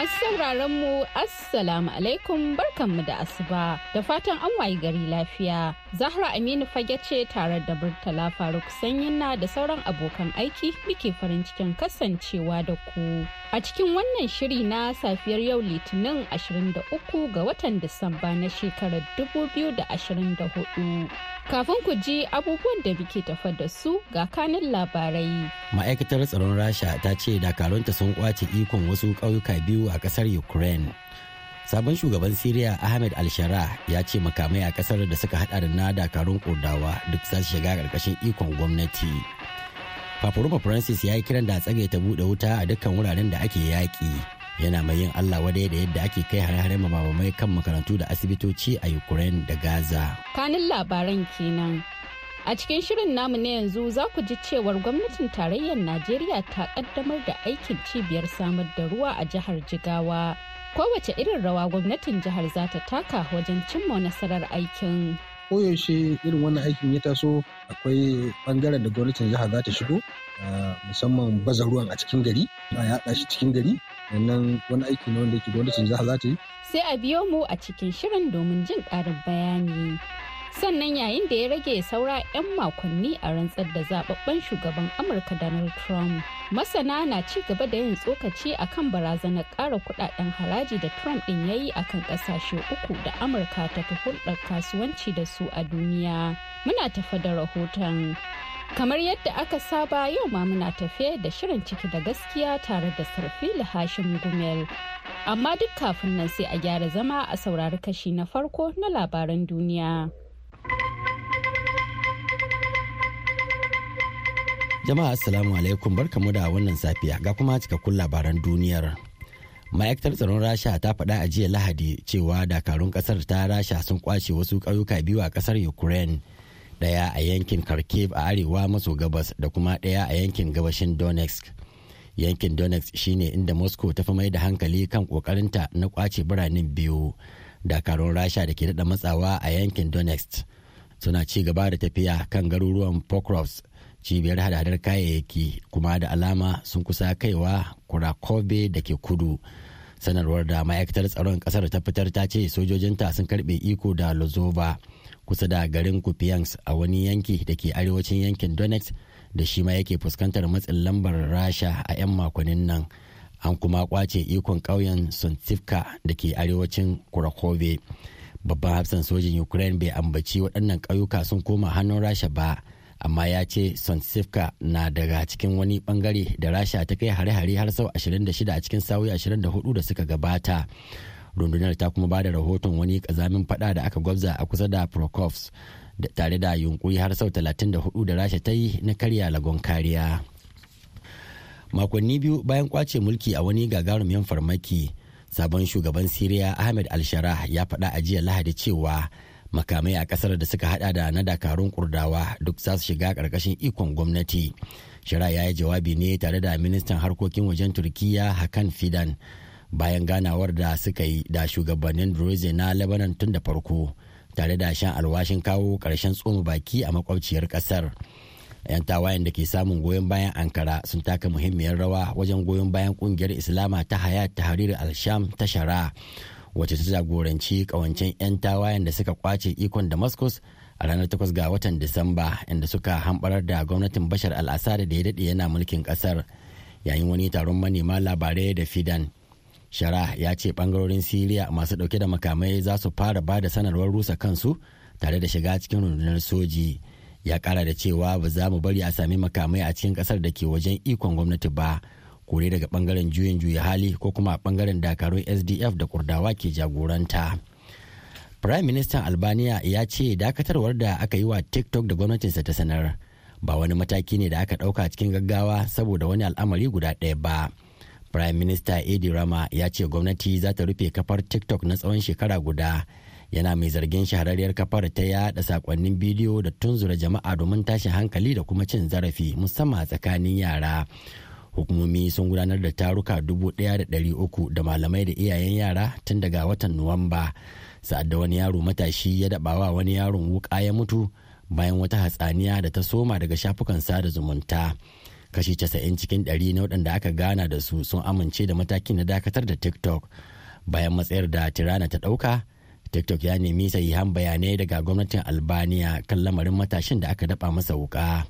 Masu sauraron mu Assalamu alaikum barkanmu da asuba da fatan an wayi gari lafiya. Zahra Aminu fage ce tare da Burtala Faruk sanyina da sauran abokan aiki muke farin cikin kasancewa da ku. A cikin wannan shiri na safiyar yau Litinin 23 ga watan Disamba na shekarar 2024. Kafin ku ji abubuwan da muke tafa da su ga kanin labarai. Ma'aikatar tsaron Rasha ta ce dakarunta sun kwace ikon wasu ƙauyuka biyu a kasar ukraine sabon shugaban syria ahmed al-shara ya ce makamai a kasar da suka hada da na dakarun kurdawa duk za su shiga karkashin ikon gwamnati papa francis ya yi kiran da tsage ta bude wuta a dukkan wuraren da ake yaƙi yana mai yin allah wadai da yadda ake kai hare-hare mabamai kan makarantu da asibitoci a ukraine da gaza kanin labaran kenan A cikin shirin namu na yanzu za ku ji cewar gwamnatin tarayyar Najeriya ta kaddamar da aikin cibiyar samar da ruwa a jihar Jigawa. Kowace irin rawa gwamnatin jihar za ta taka wajen cimma nasarar aikin. Koyaushe irin wannan aikin ya taso akwai bangaren da gwamnatin jihar za ta shigo musamman baza ruwan a cikin gari a yaɗa shi cikin gari wannan wani aiki ne wanda ke gwamnatin jihar za ta yi. Sai a biyo mu a cikin shirin domin jin ƙarin bayani. sannan yayin da ya rage saura 'yan makonni a rantsar da zababben shugaban amurka donald trump masana na ci gaba da yin tsokaci a kan barazanar ƙara kudaden haraji da trump ɗin ya yi a kan ƙasashe uku da amurka ta fi hulɗar kasuwanci da su a duniya muna tafa da rahoton kamar yadda aka saba yau ma muna tafe da shirin ciki da gaskiya tare da sarfi hashim gumel amma duk kafin nan sai a gyara zama a saurari kashi na farko na labaran duniya. Jama'a Assalamu alaikum kamu da wannan safiya ga kuma cikakkun labaran duniyar. Ma'aikatar tsaron Rasha ta faɗa a jiya Lahadi cewa dakarun ƙasar ta Rasha sun kwace wasu ƙauyuka biyu a ƙasar Ukraine. Ɗaya a yankin Kharkiv a arewa maso gabas da kuma ɗaya a yankin gabashin Donetsk. Yankin Donetsk shine inda Moscow ta fi mai da hankali kan ƙoƙarinta na kwace biranen biyu. dakarun rasha da ke daɗa matsawa a yankin donetsk suna ci gaba da tafiya kan garuruwan pokrovs cibiyar hadadar kayayyaki kuma da alama sun kusa kaiwa kurakobe da ke kudu sanarwar da ma'aikatar tsaron kasar ta fitar ta ce sojojinta sun karbe iko da lozova kusa da garin kupiansk a wani yanki da ke arewacin yankin donetsk da shi ma yake fuskantar matsin lambar rasha a 'yan makonnin nan an kuma kwace ikon ƙauyen sontivka da ke arewacin kurakove babban hafsan sojin ukraine bai ambaci waɗannan ƙauyuka sun koma hannun rasha ba amma ya ce sontivka na daga cikin wani bangare da rasha ta kai hare-hare har sau 26 a cikin sauyi 24 da suka gabata rundunar ta kuma ba da rahoton wani kazamin fada da aka gwabza a kusa da prokofs tare da yunkuri har sau 34 da rasha ta yi na karya lagon kariya makonni biyu bayan kwace mulki a wani gagarumin farmaki sabon shugaban siriya ahmed alshara ya faɗa a jiya lahadi cewa makamai a kasar da suka hada da na dakarun kurdawa duk za su shiga karkashin ikon gwamnati shira ya yi jawabi ne tare da ministan harkokin wajen turkiya hakan fidan bayan ganawar da suka yi da shugabannin droze na lebanon tun da farko tare da shan alwashin kawo karshen tsoma baki a makwabciyar kasar 'yan tawayen da ke samun goyon bayan ankara sun taka muhimmiyar rawa wajen goyon bayan kungiyar islama ta hayat tahrir al-sham ta shara wacce ta jagoranci kawancen 'yan tawayen da suka kwace ikon damascus a ranar 8 ga watan disamba inda suka hambarar da gwamnatin bashar al-assad da ya daɗe yana mulkin ƙasar yayin wani taron manema labarai da fidan shara ya ce bangarorin siriya masu ɗauke da makamai za su fara ba da sanarwar rusa kansu tare da shiga cikin rundunar soji ya kara da cewa ba za mu bari a sami makamai a cikin kasar da ke wajen ikon gwamnati ba kore daga bangaren juyin juya hali ko kuma a bangaren dakarun sdf da kurdawa ke jagoranta prime minister albania ya ce dakatarwar da aka yi wa tiktok da gwamnatinsa ta sanar ba wani mataki ne da aka dauka cikin gaggawa saboda wani al'amari guda ɗaya ba prime minister edi rama ya ce gwamnati za ta rufe kafar tiktok na tsawon shekara guda yana mai zargin shahararriyar kafar ta yada sakonnin bidiyo da tunzura jama'a domin tashin hankali da kuma cin zarafi musamman tsakanin yara hukumomi sun gudanar da taruka dubu 1,300 da uku da malamai da iyayen yara tun daga watan nuwamba sa'ad da wani yaro matashi ya dabawa wani yaron wuka ya mutu bayan wata hatsaniya da ta soma daga shafukan sada zumunta kashi casa'in cikin 100 na waɗanda aka gana da su sun amince da matakin na dakatar da tiktok bayan matsayar da tirana ta ɗauka tiktok ya nemi sahihan bayanai daga gwamnatin albania kan lamarin matashin da aka daba masa wuka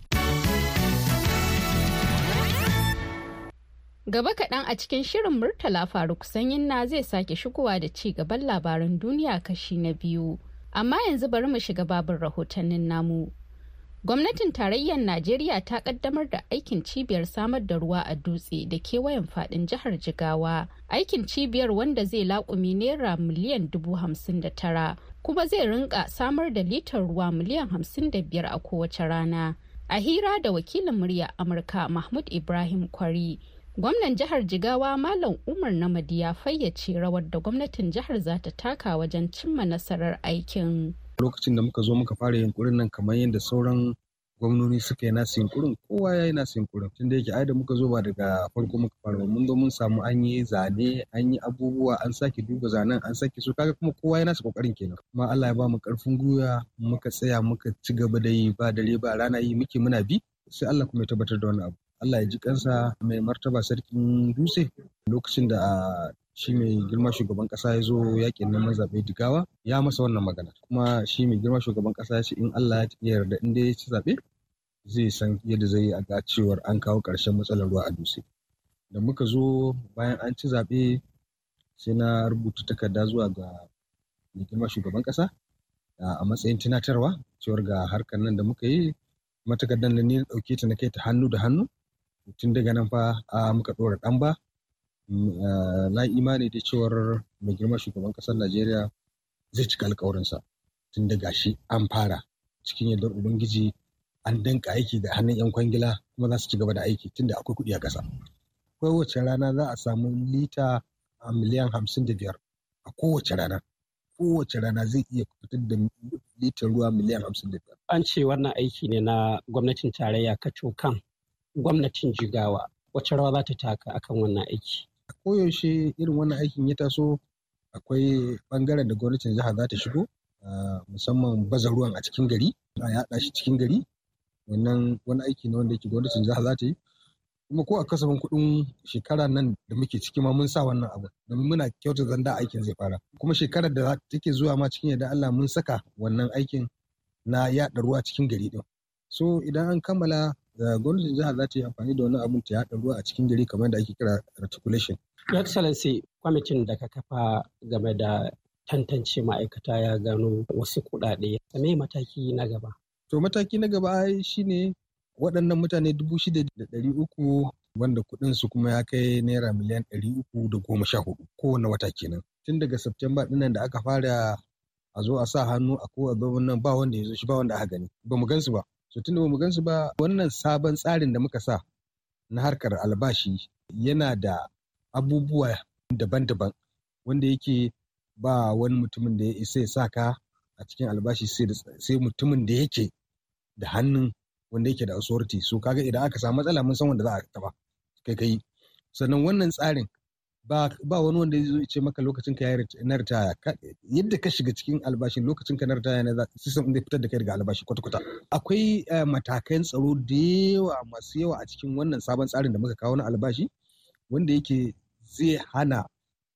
gaba kaɗan a cikin shirin murtala faruk sanyin na zai sake shigowa da ci gaban labaran duniya kashi na biyu amma yanzu bari mu shiga babin rahotannin namu Gwamnatin tarayyar Najeriya ta kaddamar da aikin cibiyar samar da ruwa a dutse da kewayen fadin jihar Jigawa. Aikin cibiyar wanda zai laƙumi naira miliyan dubu hamsin da tara kuma zai rinka samar da litar ruwa miliyan hamsin da biyar a kowace rana. A hira da wakilin murya Amurka Mahmud Ibrahim Kwari. Gwamnan jihar Jigawa Malam Umar Namadi ya fayyace rawar da gwamnatin jihar za ta taka wajen cimma nasarar aikin. lokacin da muka zo muka fara yunkurin nan kamar yadda sauran gwamnoni suka yi nasu yunkurin kowa ya yi nasu yunkurin tun da yake ai da muka zo ba daga farko muka fara ba mun zo mun samu an yi zane an yi abubuwa an sake duba zanen an sake su kaga kuma kowa ya nasu kokarin kenan kuma Allah ya ba mu karfin gwiwa muka tsaya muka ci gaba da yi ba dare ba rana yi muke muna bi sai Allah kuma ya tabbatar da wani abu Allah ya ji kansa mai martaba sarkin dutse lokacin da shi mai girma shugaban kasa ya zo yakin neman zaɓe digawa ya masa wannan magana kuma shi mai girma shugaban kasa ya ce in Allah ya yarda in dai ya ci zaɓe zai san yadda zai yi a ga cewar an kawo ƙarshen matsalar ruwa a dutse da muka zo bayan an ci zaɓe sai na rubuta takarda zuwa ga mai girma shugaban kasa a matsayin tunatarwa cewar ga harkar nan da muka yi kuma da ni ɗauke ta na kai ta hannu da hannu tun daga nan fa a muka ɗora ɗan ba mm, na imani da cewar mai girma shugaban ƙasar najeriya zai cika alkawarinsa tun daga shi an fara cikin yadda ubangiji an danka aiki da hannun yan kwangila kuma za su ci gaba da aiki tun da akwai kuɗi a ƙasa kowace rana za a samu lita a miliyan hamsin da biyar a kowace rana kowace rana zai iya fitar da litar ruwa miliyan hamsin da biyar. An ce wannan aiki ne na gwamnatin tarayya kacokan gwamnatin jigawa wacce rawa za ta taka akan wannan aiki a koyaushe irin wannan aikin ya taso akwai bangaren da gwamnatin jiha za ta shigo musamman baza ruwan a cikin gari a yaɗa shi cikin gari wannan wani aiki ne wanda yake gwamnatin jiha za ta yi kuma ko a kasafin kuɗin shekara nan da muke ciki ma mun sa wannan abu domin muna kyauta zanda aikin zai fara kuma shekarar da take zuwa ma cikin yadda Allah mun saka wannan aikin na yaɗa ruwa cikin gari din so idan an kammala gwamnatin jihar za ta yi amfani da wani abun ta haɗa ruwa a cikin gari kamar da ake kira reticulation. Your Excellency, kwamitin da ka kafa game da tantance ma'aikata ya gano wasu kuɗaɗe. Me mataki na gaba? To mataki na gaba shi ne waɗannan mutane dubu shida da ɗari uku wanda kuɗin su kuma ya kai naira miliyan ɗari uku da goma sha hudu kowane wata kenan. Tun daga Septemba ɗinnan da aka fara a zo a sa hannu a ko ba nan ba wanda ya zo shi ba wanda aka gani ba mu gan ba. Su tunda mu su ba wannan sabon tsarin da muka sa na harkar albashi yana da abubuwa daban-daban wanda yake ba wani mutumin da ya isa ya saka a cikin albashi sai mutumin da yake da hannun wanda yake da authority so kaga idan aka samu matsala mun san wanda za a taba kai kai sannan wannan tsarin ba wani wanda zai ce maka lokacin ka na ritaya yadda ka shiga cikin albashin lokacin ka na ritaya na sisan inda fitar da kai daga albashi kwata-kwata akwai eh, matakan tsaro da yawa masu yawa a cikin wannan sabon tsarin da muka kawo na albashi wanda yake zai hana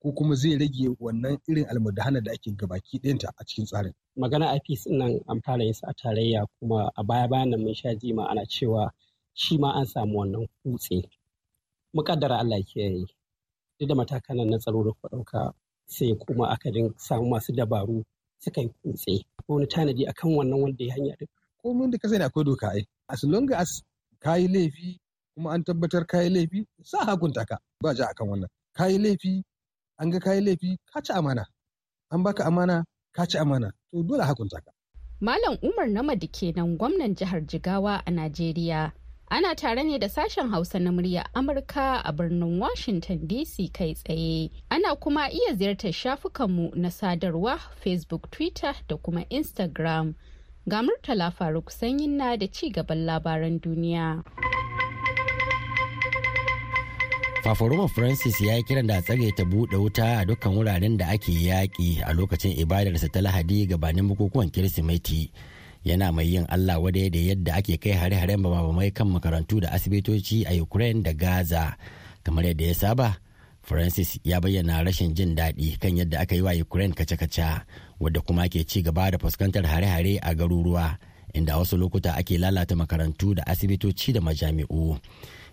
ko kuma zai rage wannan irin almudahana da ake gabaki ɗayanta a cikin tsarin. Magana IPs nan an fara yin sa a tarayya kuma a baya bayan nan mun sha ji ana cewa shi ma an samu wannan kutse. Mukaddara Allah ke yi. duk da matakan na tsaro da kuka ɗauka sai kuma aka din samu masu dabaru suka yi kutse wani tanadi akan wannan wanda ya hanya duk komai da ka sani akwai doka ai as long as ka yi laifi kuma an tabbatar ka yi laifi sa hakunta ka ba ja akan wannan ka yi laifi an ga ka yi laifi ka ci amana an baka amana ka ci amana to dole hakunta ka Malam Umar Namadi kenan gwamnan jihar Jigawa a Najeriya. Ana tare ne da sashen Hausa na murya Amurka a birnin Washington DC kai tsaye. Ana kuma iya ziyartar shafukanmu na sadarwa Facebook, Twitter da kuma Instagram. Ga Murtala Faruk Sanyin na da ci gaban labaran duniya. fafaruma Francis ya yi kiran da tsare ta bude wuta a dukkan wuraren da ake yaƙi a lokacin ibadarsa ta Lahadi gabanin bukukuwan Kirsimeti. yana mai yin allah wa da yadda ake kai hare-haren mai kan makarantu da asibitoci a ukraine da gaza kamar yadda ya saba francis ya bayyana rashin jin daɗi kan yadda aka yi wa ukraine kace-kace wadda kuma ke ci gaba da fuskantar hare-hare a garuruwa inda wasu lokuta ake lalata makarantu da asibitoci da majami'u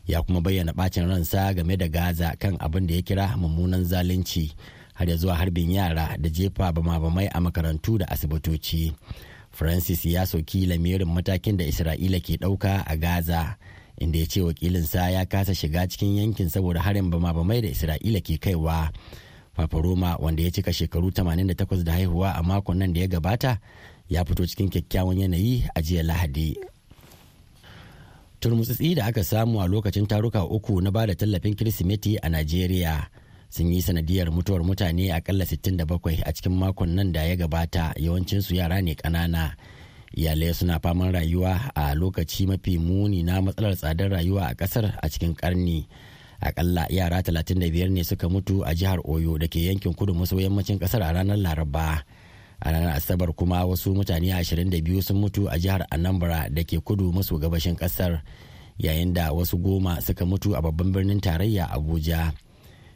ya kuma bayyana bacin ransa game da gaza kan abin da ya kira mummunan zalunci har ya zuwa harbin yara da jefa bama-bamai a makarantu da asibitoci francis ya soki lamirin matakin da isra'ila ke ɗauka a gaza inda ya ce wakilinsa ya kasa shiga cikin yankin saboda harin bama-bamai da isra'ila ke kaiwa fafaroma wanda ya cika shekaru 88 da haihuwa a makon nan da ya gabata ya fito cikin kyakkyawan yanayi a jiya lahadi turmutsitsi da aka samu a lokacin taruka uku na bada tallafin kirsimeti a najeriya sun yi sanadiyar mutuwar mutane akalla 67 a cikin makon nan da ya gabata yawancinsu yara ne ƙanana iyalai suna faman rayuwa a lokaci mafi muni na matsalar tsadar rayuwa a ƙasar a cikin karni akalla yara 35 ne suka mutu a jihar oyo da ke yankin kudu maso yammacin ƙasar a ranar laraba a ranar asabar kuma wasu mutane 22 sun mutu a jihar anambra da ke kudu maso gabashin ƙasar yayin da wasu goma suka mutu a babban birnin tarayya abuja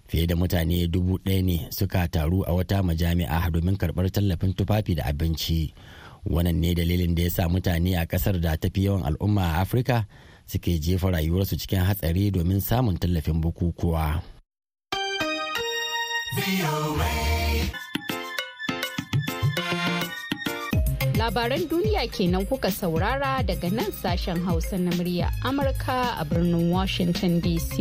fiye da mutane dubu ɗaya ne suka taru a wata majami'a domin karɓar tallafin tufafi da abinci wannan ne dalilin da ya sa mutane a ƙasar da tafi yawan al'umma a afirka suke jefa rayuwarsu cikin hatsari domin samun tallafin bukukuwa labaran duniya kenan kuka saurara daga nan sashen hausa na murya amurka a birnin washington dc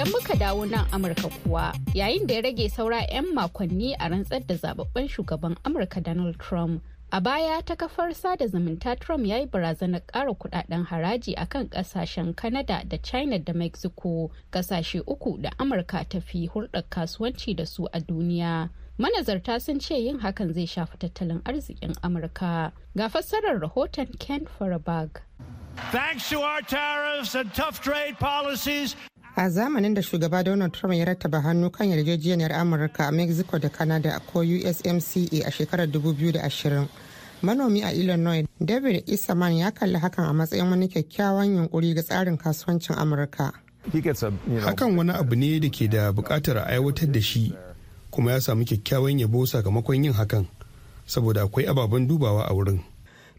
Idan muka dawo nan Amurka kuwa yayin da ya rage saura 'yan makonni a rantsar da zababben shugaban Amurka Donald Trump. A baya ta kafar sada zumunta Trump ya yi barazanar ƙara kudaden haraji a kan ƙasashen Kanada da China da Mexico, ƙasashe uku da Amurka ta fi hulɗar kasuwanci da su a duniya. Manazarta sun ce yin hakan zai shafi tattalin arzikin Amurka. Ga fassarar rahoton Ken Farabag. Thanks to our tariffs and tough trade policies, a zamanin da shugaba donald trump ya rattaba hannu kan yarjejeniyar amurka a mexico da canada ko usmca a shekarar 2020 manomi a illinois david isaman ya kalli hakan a matsayin wani kyakkyawan yunkuri ga tsarin kasuwancin amurka hakan wani abu ne da ke da bukatar a aiwatar da shi kuma ya samu kyakkyawan yabo sakamakon yin hakan saboda akwai ababen dubawa a wurin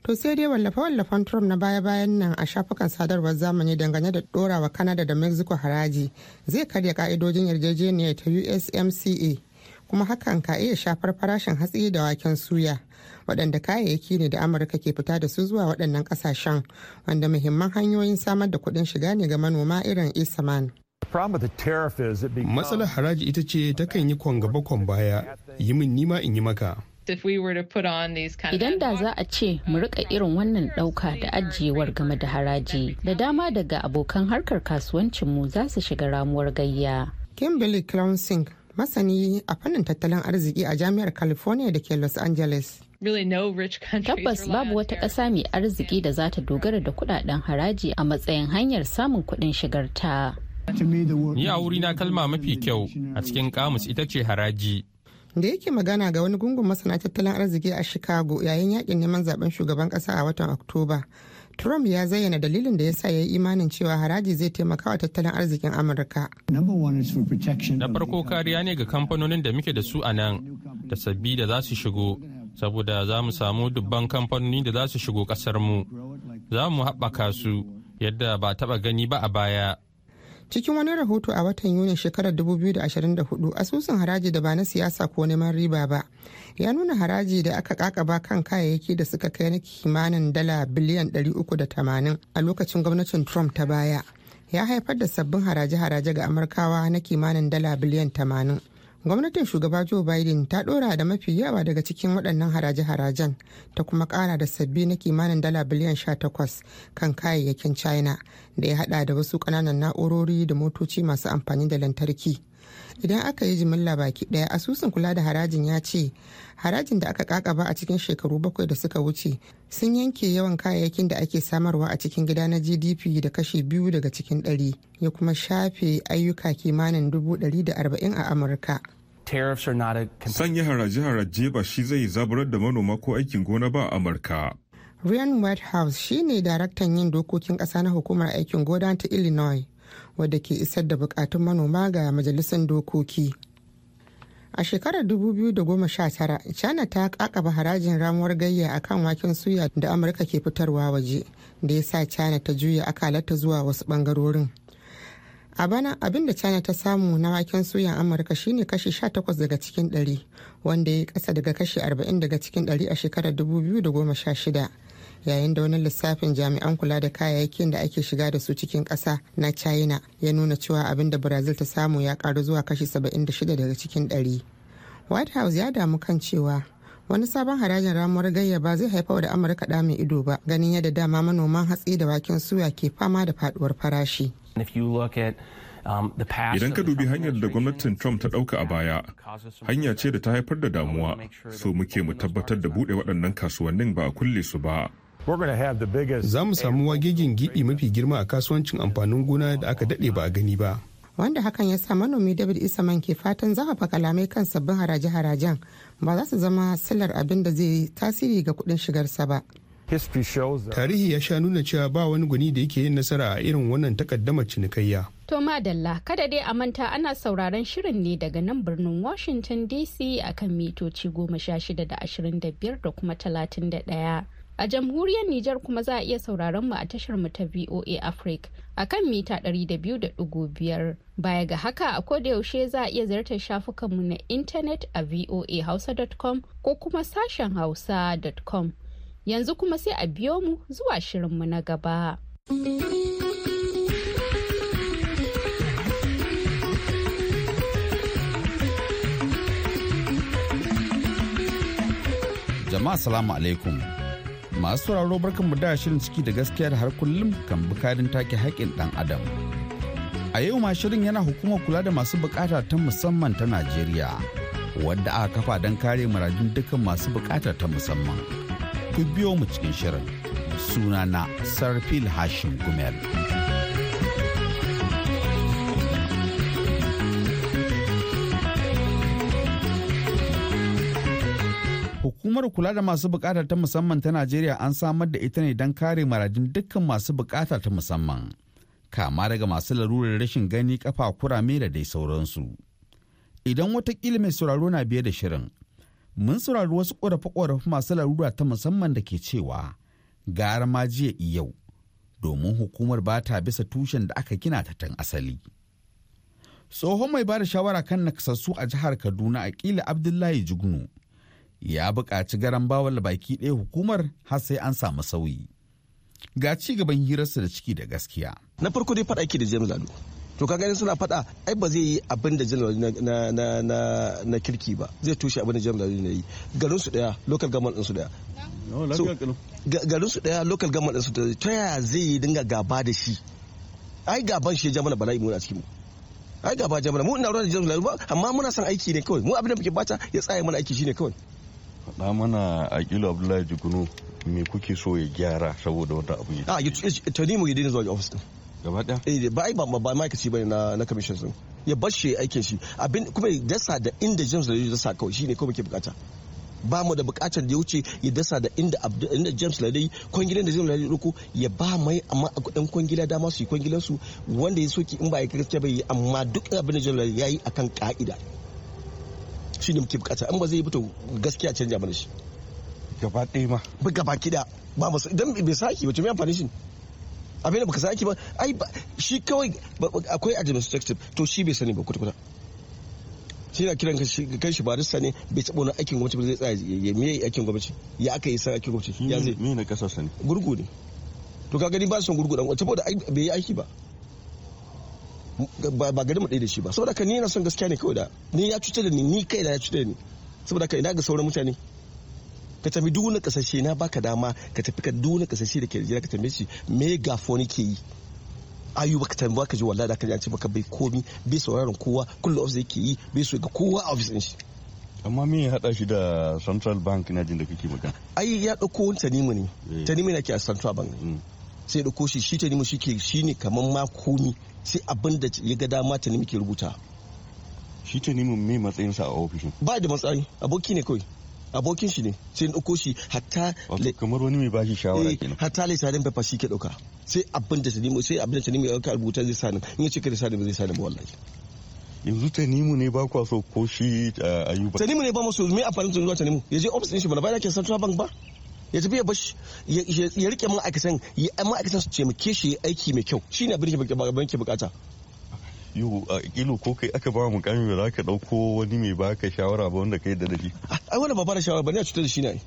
To sai dai wallafe-wallafen Trump na baya-bayan nan a shafukan sadarwar zamani dangane da dorawa Canada da Mexico haraji zai karya ka'idojin yarjejeniyar ta USMCA kuma hakan ka iya shafar farashin hatsi da waken suya waɗanda kayayyaki ne da Amurka ke fita da su zuwa waɗannan ƙasashen wanda muhimman hanyoyin samar da kuɗin shiga ne ga manoma irin Isaman. Matsalar haraji ita ce ta kan yi kwan gaba kwan baya, yi min nima in yi maka. Idan da za a ce mu rika irin wannan ɗauka da ajiyewar game da haraji da dama daga abokan harkar kasuwancin mu za su shiga ramuwar gayya. Kimberly Clownsing masani a fannin tattalin arziki a jami'ar California da ke Los Angeles. Tabbas babu wata ƙasa mai arziki da za ta dogara da kudaden haraji a matsayin hanyar samun kuɗin shigarta. Ni a wuri na kalma mafi kyau a cikin kamus ita ce haraji. da yake magana ga wani gungun masana tattalin arziki a chicago yayin yakin neman zaben shugaban kasa a watan oktoba trump ya zayyana dalilin da ya sa ya yi imanin cewa haraji zai taimaka wa tattalin arzikin amurka na farko kariya ne ga kamfanonin da muke da su a nan da sabbi da za su shigo saboda za mu samu dubban kamfanoni da za su shigo kasar mu za mu haɓaka su yadda ba taɓa gani ba a baya cikin wani rahoto a watan yuni shekarar 2024 asusun haraji da ba na siyasa ko neman riba ba ya nuna haraji da aka kakaba kan kayayyaki da suka kai na kimanin dala biliyan 380 a lokacin gwamnatin trump ta baya ya haifar da sabbin haraje-haraje ga amurkawa na kimanin dala biliyan 80 gwamnatin shugaba joe biden ta dora da mafi yawa daga cikin waɗannan haraje-harajen ta kuma ƙara da sabbi na kimanin dala biliyan 18 kan kayayyakin china da ya hada da wasu ƙananan na'urori da motoci masu amfani da lantarki idan aka yi jimilla baki daya asusun kula da harajin ya ce harajin da aka kakaba a cikin shekaru bakwai da suka wuce sun yanke yawan kayayyakin da ake samarwa a cikin gida na gdp da kashe biyu daga cikin ɗari ya kuma shafe ayyuka kimanin dubu dari da arba'in a amurka sanya haraje-haraje ba shi zai zaburar da manoma ko aikin gona ba a amurka ryan whitehouse shine daraktan yin dokokin ƙasa na hukumar aikin gona ta illinois wadda ke isar da bukatun manoma ga majalisar dokoki a shekarar 2019 china ta kakaba harajin ramuwar gayya a kan waken suya da amurka ke fitarwa waje da ya sa china ta juya akalata zuwa wasu bangarorin a bana abin da china ta samu na waken suyan amurka shine kashi 18 daga cikin 100 wanda ya kasa daga kashi 40 daga cikin 100 a shekarar 2016 yayin da wani lissafin jami'an kula da kayayyakin da ake shiga da su cikin ƙasa na china ya nuna cewa abin da brazil ta samu ya karu zuwa kashi 76 daga cikin 100 white house ya damu kan cewa wani sabon harajin ramuwar gayyaba ba zai haifar da amurka da mai ido ba ganin yadda dama manoman hatsi da waken suya ke fama da faduwar farashi um, Idan ka dubi hanyar da gwamnatin Trump ta ɗauka a baya, hanya ce da ta haifar da damuwa, so muke mu tabbatar da buɗe waɗannan kasuwannin ba a kulle su ba. Za mu samu wagegin gidi mafi girma a kasuwancin amfanin gona da aka daɗe ba a gani ba. Wanda hakan ya sa manomi David Isaman ke fatan zafafa kalamai kan sabbin haraje-harajen ba za su zama silar abin da zai tasiri ga kuɗin shigarsa ba. Tarihi ya sha nuna cewa ba wani gwani da yake yin nasara a irin wannan takaddamar cinikayya. To Madalla, kada dai a manta ana sauraron shirin ne daga nan birnin Washington DC akan mitoci goma sha shida da ashirin da biyar da kuma talatin da ɗaya. A jamhuriyar Nijar kuma za a iya sauraron mu a tashar mu ta VOA Africa a kan mita 200.5. Baya ga haka a ko da yaushe za a iya ziyartar shafukan mu na intanet a voahausa.com ko kuma sashen hausa.com. Yanzu kuma sai a biyo mu zuwa shirin mu na gaba. Jama'a salamu alaikum. masu sauraro mu da shirin ciki da gaskiya da har kullum kan bukarin take haƙƙin ɗan adam a yau ma shirin yana hukumar kula da masu bukata ta musamman ta najeriya wadda aka kafa don kare muradun dukkan masu bukata ta musamman ku biyo mu cikin shirin sunana sarfil hashim gumel. hukumar kula da masu bukata ta musamman ta najeriya an samar da ita ne don kare maradin dukkan masu bukata ta musamman kama daga masu larurar rashin gani kafa kurame da dai sauransu idan watakila mai sauraro na biye da shirin mun sauraro wasu ƙorafe-ƙorafe masu larura ta musamman da ke cewa gara ma jiya yau domin hukumar ba ta bisa tushen da aka gina ta tan asali tsohon mai ba da shawara kan nakasassu a jihar kaduna akila abdullahi jugnu ya buƙaci garan bawal baki ɗaya hukumar har sai an samu sauyi ga ci gaban hirarsa da ciki da gaskiya na farko dai faɗa da james lado to kaga in suna faɗa ai ba zai yi abin da james na na na na kirki ba zai tushe abin da james lado ne yi garin su daya local government din su daya garin su daya local government din su daya ta yaya zai yi dinga gaba da shi ai gaban shi ya jama'a bala'i mu a cikin mu ai gaba jama'a mu ina ruwa da james lado ba amma muna son aiki ne kawai mu abin da muke bata ya tsaya mana aiki shine kawai faɗa mana a kilo abdullahi jikunu me kuke so ya gyara saboda wata abu ya yi. Tani mu yadda zuwa ofis din gaba ɗaya eh, ba ai ba ba ma'aikaci bane na na kamishin sun. ya bar shi aikin shi abin kuma ya dasa da inda James Lajo ya dasa kawai shine kuma ke bukata ba mu da bukatar da ya wuce ya dasa da inda inda James Ladai kwangilan da James Ladai ruku ya ba mai amma kudin kwangila dama su yi kwangilan su wanda ya soke in ba ya kirkiya bai amma duk abin da James ya yi akan ka'ida shi ne muke bukata in ba zai fito gaskiya canja mana shi gaba ɗaya ma Ba gaba kida ba masu idan bai saki ba to me amfani shi abin da baka saki ba ai shi kawai akwai administrative to shi bai sani ba kutukuta. shi na kiran kan shi barista ne bai taɓa wani aikin gwamnati ba zai tsaya ya miye aikin gwamnati ya aka yi san aikin gwamnati ya zai ne na kasa sani. gurgu ne to ka gani ba son gurgu dan da bai yi aiki ba ba gari mu da shi ba saboda ka ni na son gaskiya ne kawai da ni ya cutar da ni ni kai da ya cutar da ni saboda ka ina ga sauran mutane ka tafi duna kasashe na baka dama ka tafi ka duna kasashe da ke da ka tambaye shi me gafoni ke yi ayu baka tambaye ka ji wallahi da ka ji an ce baka bai komi bai sauraron kowa kullu office yake yi bai so ga kowa office din shi amma me ya hada shi da central bank na jin da kake magana ai ya dauko wani tanimi ne eh. tanimi na ke a central bank mm. sai da koshi shi ta nemi shi ke shi ne kamar ma komi sai abin da ya ga dama ta nemi ke rubuta shi ta nemi mai matsayinsa a ofishin ba da matsayi aboki ne kawai abokin shi ne sai da ɗauko shi hatta kamar wani mai bashi shawara eh, kenan hatta lisanin paper shi ke dauka sai abin da tanimu sai abin da tanimu ya ɗauka rubuta zai sani in ya ce kada sani ba zai sani ba wallahi yanzu ta nimu ne ba kwa so ko shi eh, ayuba nimu ne ba masu me amfanin zuwa ta ya je office din shi ba bayan ke central bank ba ya tafi ya bashi ya rike ma'aikatan ya ma'aikatan su taimake shi aiki mai kyau shine abin da ke bukata yau a kilo ko kai aka ba mukami ba za ka dauko wani mai baka shawara ba wanda kai da shi ah, ai wanda ba ba da shawara ba ne a cutar da shi ne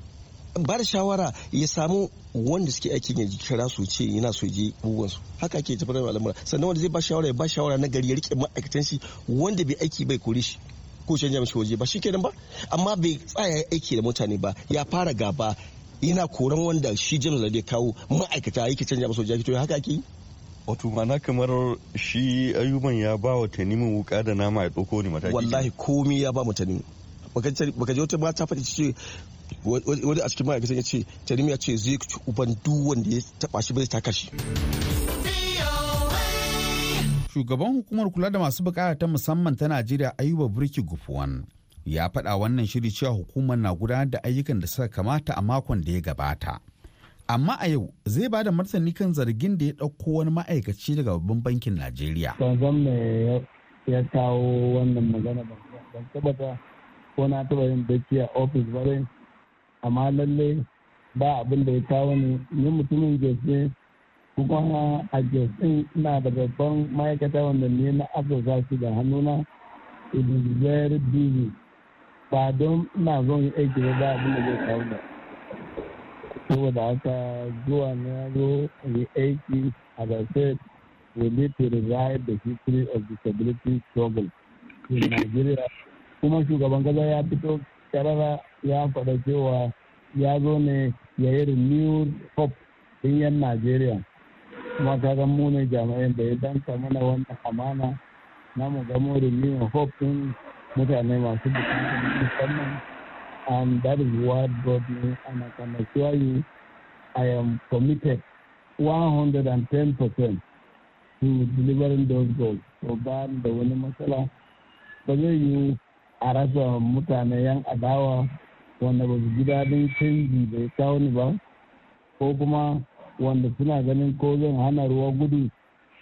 ba da shawara ya samu wanda suke aikin ya kira su ce yana so je bugun su haka ake tafi da al'amura sannan wanda zai ba shawara ya ba shawara na gari ya rike ma'aikatan shi wanda bai aiki bai kore shi ko canja mishi waje ba shikenan ba amma bai tsaya aiki da mutane ba ya fara gaba yana koran wanda shi james da kawo ma'aikata yake canja masu jaki to haka ake wato mana kamar shi ayuban ya ba wa tanimin wuka da nama ya ɗauko ni mataki wallahi komi ya ba mu tanimin baka je wata mata faɗi ce wani a cikin ma'aikatan ya ce tanimin ya ce zai ci uban duk wanda ya taɓa shi bai taka shi shugaban hukumar kula da masu bukata ta musamman ta najeriya ayuba burki gufuwan ya faɗa wannan shiri cewa hukumar na gudanar da ayyukan da suka kamata a makon da ya gabata amma a yau zai bada da martani kan zargin da ya ɗauko wani ma'aikaci daga babban bankin najeriya ya kawo wannan magana ban tabbata ko na taɓa yin bacci a ofis ba dai amma lalle ba abin da ya kawo ni ni mutumin jesse kuma a jesse ina da babban ma'aikata wanda ne na afirka shi da hannuna it is very ba don ina zo yi aiki ba ba abin da zai kawo da saboda haka zuwa na yaro yi aiki a da said we need to revive the history of disability struggle in Nigeria kuma shugaban kaza ya fito karara ya faɗa cewa ya zo ne ya yi renew hope in yan Najeriya kuma ta ga mu ne da ya danta mana wannan amana na mu gamo renew hope mutane masu bukatar musamman and that is what brought me and I can assure you I am committed 110% to delivering those goals. So ba da wani matsala ba zai yi a rasa mutane yan adawa wanda ba su ji daɗin canji da ya kawo ni ba ko kuma wanda suna ganin ko zan hana ruwa gudu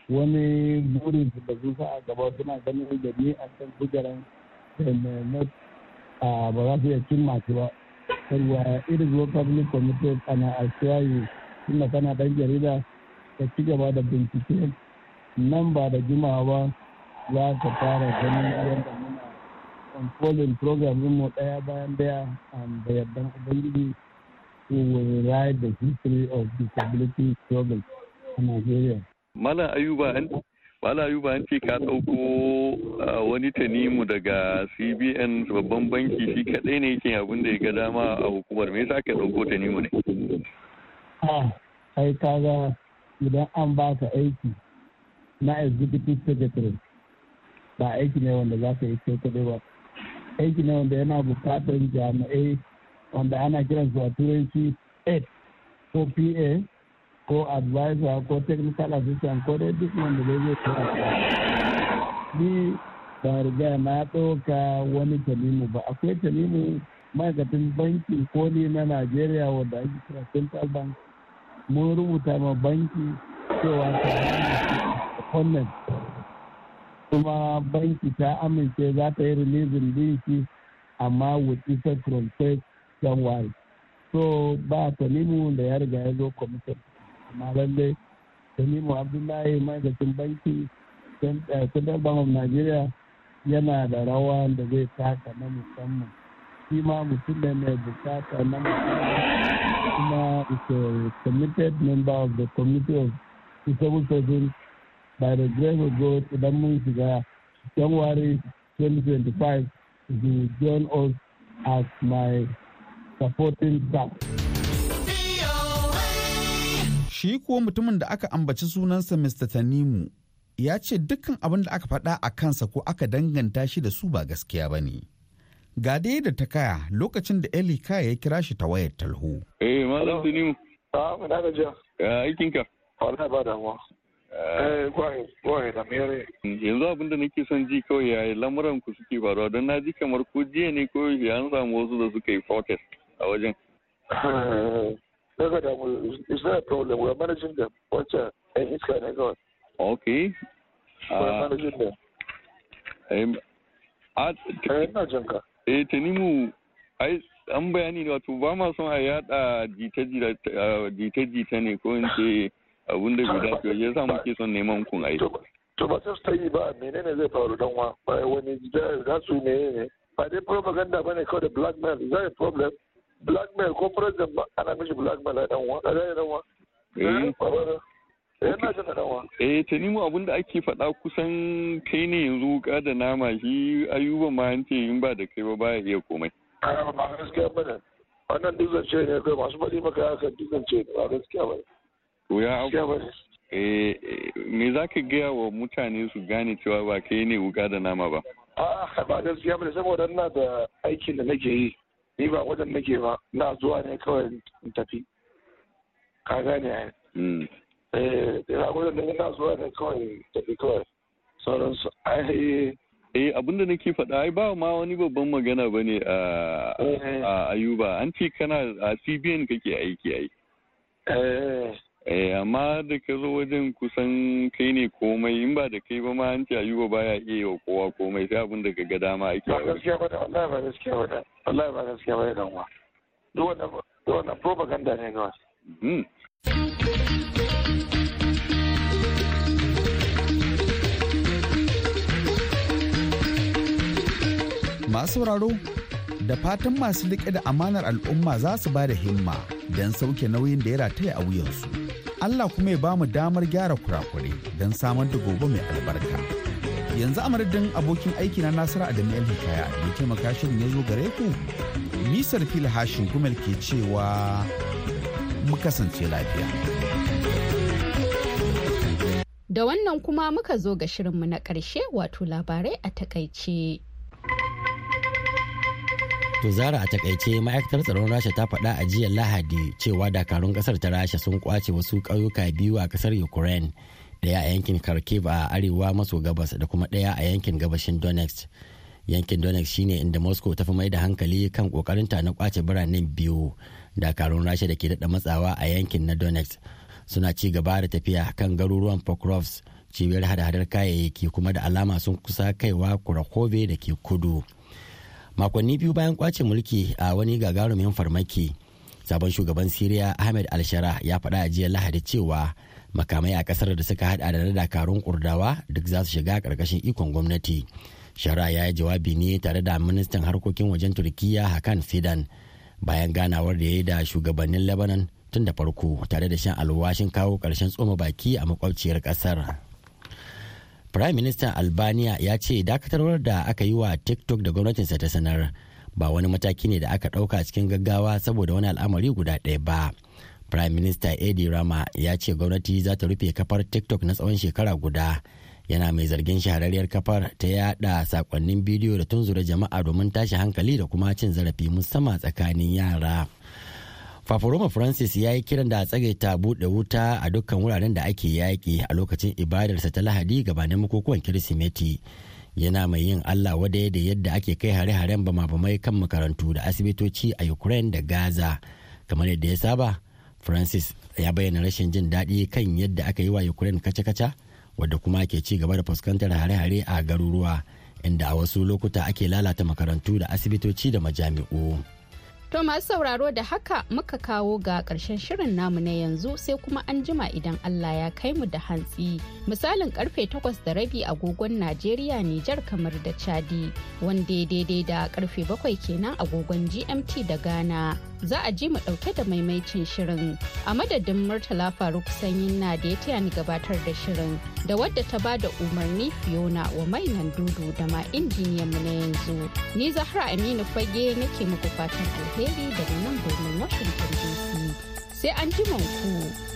wani burin su da su sa a gaba suna ganin gani a kan kujeran Mehmet ba za su iya ba. Saboda irin ruwan public committee ana asiyayi tunda tana ɗan jarida ta ci gaba da bincike nan ba da jimawa ba za fara ganin yadda muna unfolding program mu ɗaya bayan ɗaya um, da yardan ubangiji to will write the history of disability struggle a Nigeria. Malam Ayuba Bala Ayuba an ce ka ɗauko wani tanimu daga CBN babban banki shi kaɗai ne yake abin da ya ga dama a hukumar me yasa ka ɗauko tanimu ne? Ah, ai kaga idan an ka aiki na executive secretary ba aiki ne wanda za ka yi kai kaɗai ba. Aiki ne wanda yana bukatar jami'ai wanda ana kiransu a turanci 8 ko PA ko advisor ko technical assistant ko dai duk wanda zai zai kira ni ba riga na ɗauka wani talimu ba akwai talimu ma'aikatan banki ko ne na najeriya wanda ake kira central bank mun rubuta ma banki cewa ta hannun kuma banki ta amince za ta yi releasing din shi amma with effect from 1st january so ba talimu da ya riga ya zo commission amma lallai tanimu abdullahi ma'aikacin banki eh, central bank of nigeria yana da rawa da zai taka na musamman shi ma mutum ne mai bukata na musamman kuma is a committed member of the committee of disabled persons by the grace of god idan mun shiga january 2025 he will join us as my supporting staff. shi kuwa mutumin da aka ambaci sunansa mr tanimu ya ce dukkan abin da aka faɗa a kansa ko aka danganta shi da su ba gaskiya ba ne ga dai da ta kaya lokacin da eli kaya ya kira shi ta wayar talho eh malam tanimu a ah, mu da gajiya aikinka wallahi ba damuwa eh. Eh, yanzu abin da nake son ji kawai ya lamuran ku suke faruwa don na ji kamar ko jiya ne ko an samu wasu da suka yi protest a wajen kaga da mu is not a problem we are managing them What's wancan ɗan kind of kawai okay we are uh, managing them ina jin ka eh, eh tanimu ah, ah, ah, ai an bayani ne wato ba ma son a yada jita-jita ne ko in ce abun da guda ke ya muke son neman kun ai to ba sai ta yi ba menene zai faru dan wa ba wani za su ne ne ba dai propaganda bane kawai da blackmail is problem blackmail ko president ba ana mishi blackmail a danwa a zai wa. Eh, ta eh, eh, nemo eh, abin da ake faɗa kusan kai ne yanzu wuka da nama shi ayuba ma an ce in ba da kai ba baya iya komai. A ba gaskiya ba ne. Wannan dukkan ce ne kai masu faɗi maka haka dukkan ce ba gaskiya ba ne. To ya abu. Eh, me za ka gaya wa mutane su gane cewa ba kai ne wuka da nama ba? A ah, ba gaskiya ba ne saboda ina da aikin da nake yi. ni ba wajen nake ba na zuwa ne kawai in tafi ka gane ya yi. da wajen nake na zuwa ne kawai in tafi kawai sauransu Eh abin da nake faɗa ai ba ma wani babban magana ba ne a eh. Ayuba an ce kana a CBN kake aiki ai. Eh. Eh amma da ka zo wajen kusan kai ne komai in ba da kai ba ma an ce ayuba baya iya yi wa kowa komai sai abin da ka ga dama ake ba gaskiya ba wallahi ba gaskiya ba wallahi ba gaskiya ba dan wa duk wannan duk wannan propaganda ne ga wasu hmm. masu sauraro da fatan masu riƙe da amanar al'umma za su ba da himma don sauke nauyin da ya rataya a wuyansu. Allah kuma ya ba mu damar gyara kurakure don samar da gobe mai albarka. Yanzu a madadin abokin aiki na Nasiru Adamu El Hikaya da taimaka shirin ya zo gare ku, Nisar Fil Hashin Gumel ke cewa mu kasance lafiya. Da wannan kuma muka zo ga shirinmu na ƙarshe wato labarai a takaice. To zara a takaice ma'aikatar tsaron Rasha ta faɗa a jiya Lahadi cewa dakarun kasar ta Rasha sun kwace wasu ƙauyuka biyu a kasar Ukraine ɗaya a yankin Kharkiv a arewa maso gabas da kuma ɗaya a yankin gabashin Donetsk. Yankin Donetsk shine inda Moscow ta fi mai da hankali kan ta na kwace biranen biyu. Dakarun Rasha da ke daɗa matsawa a yankin na Donetsk suna ci gaba da tafiya kan garuruwan Pokrovsk cibiyar hada-hadar kayayyaki kuma da alama sun kusa kaiwa Kurakove da ke kudu. makonni biyu bayan kwace mulki a wani gagarumin farmaki sabon shugaban siriya ahmed alshara ya faɗa a jiya lahadi cewa makamai a kasar da suka hada da dakarun kurdawa duk za su shiga karkashin ikon gwamnati shara ya yi jawabi ne tare da ministan harkokin wajen turkiya hakan fidan bayan ganawar da ya yi da shugabannin lebanon tun da farko tare da shan alwashin kawo ƙarshen tsoma baki a makwabciyar kasar Prime Minister Albania ya ce dakatarwar da aka yi wa TikTok da gwamnatinsa ta sanar ba wani mataki ne da aka ɗauka cikin gaggawa saboda wani al'amari guda ɗaya ba. Prime Minister Edi Rama ya ce gwamnati za ta rufe kafar TikTok na tsawon shekara guda. Yana mai zargin shahararriyar kafar ta yada sakonnin bidiyo da tunzura jama'a domin tashi hankali da kuma cin zarafi musamman tsakanin yara. Fafaroma Francis ya yi kiran da a ta buɗe wuta a dukkan wuraren da ake yaƙi a lokacin ibadarsa ta Lahadi gabanin makokuwan Kirsimeti. Yana mai yin Allah wa da yadda ake kai hare-haren bama-bamai kan makarantu da asibitoci a Ukraine da Gaza. Kamar yadda ya saba, Francis ya bayyana rashin jin daɗi kan yadda aka yi wa Ukraine kaca-kaca, wadda kuma ke ci gaba da fuskantar hare-hare a garuruwa, inda a wasu lokuta ake lalata makarantu da asibitoci da majami'u. To masu sauraro da haka muka kawo ga ƙarshen shirin namu na yanzu sai kuma an jima idan Allah ya kai mu da hantsi. Misalin karfe takwas da rabi agogon Najeriya Nijar kamar da Chadi wanda daidai da karfe bakwai kenan agogon GMT da Ghana. Za a ji mu ɗauke da maimaicin shirin a madadin Murtala Faruk Sanyin na da ya taya ni gabatar da shirin da wadda ta ba da umarni Fiona wa mainan dudu da ma injiniyan mu na yanzu. Ni Zahra Aminu Fage nake muku fatan alheri. daidai daga nan birnin Washington DC. Sai an ku.